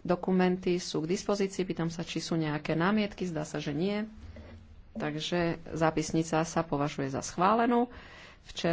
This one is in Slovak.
Dokumenty sú k dispozícii, pýtam sa, či sú nejaké námietky, zdá sa, že nie. Takže zápisnica sa považuje za schválenú. Včera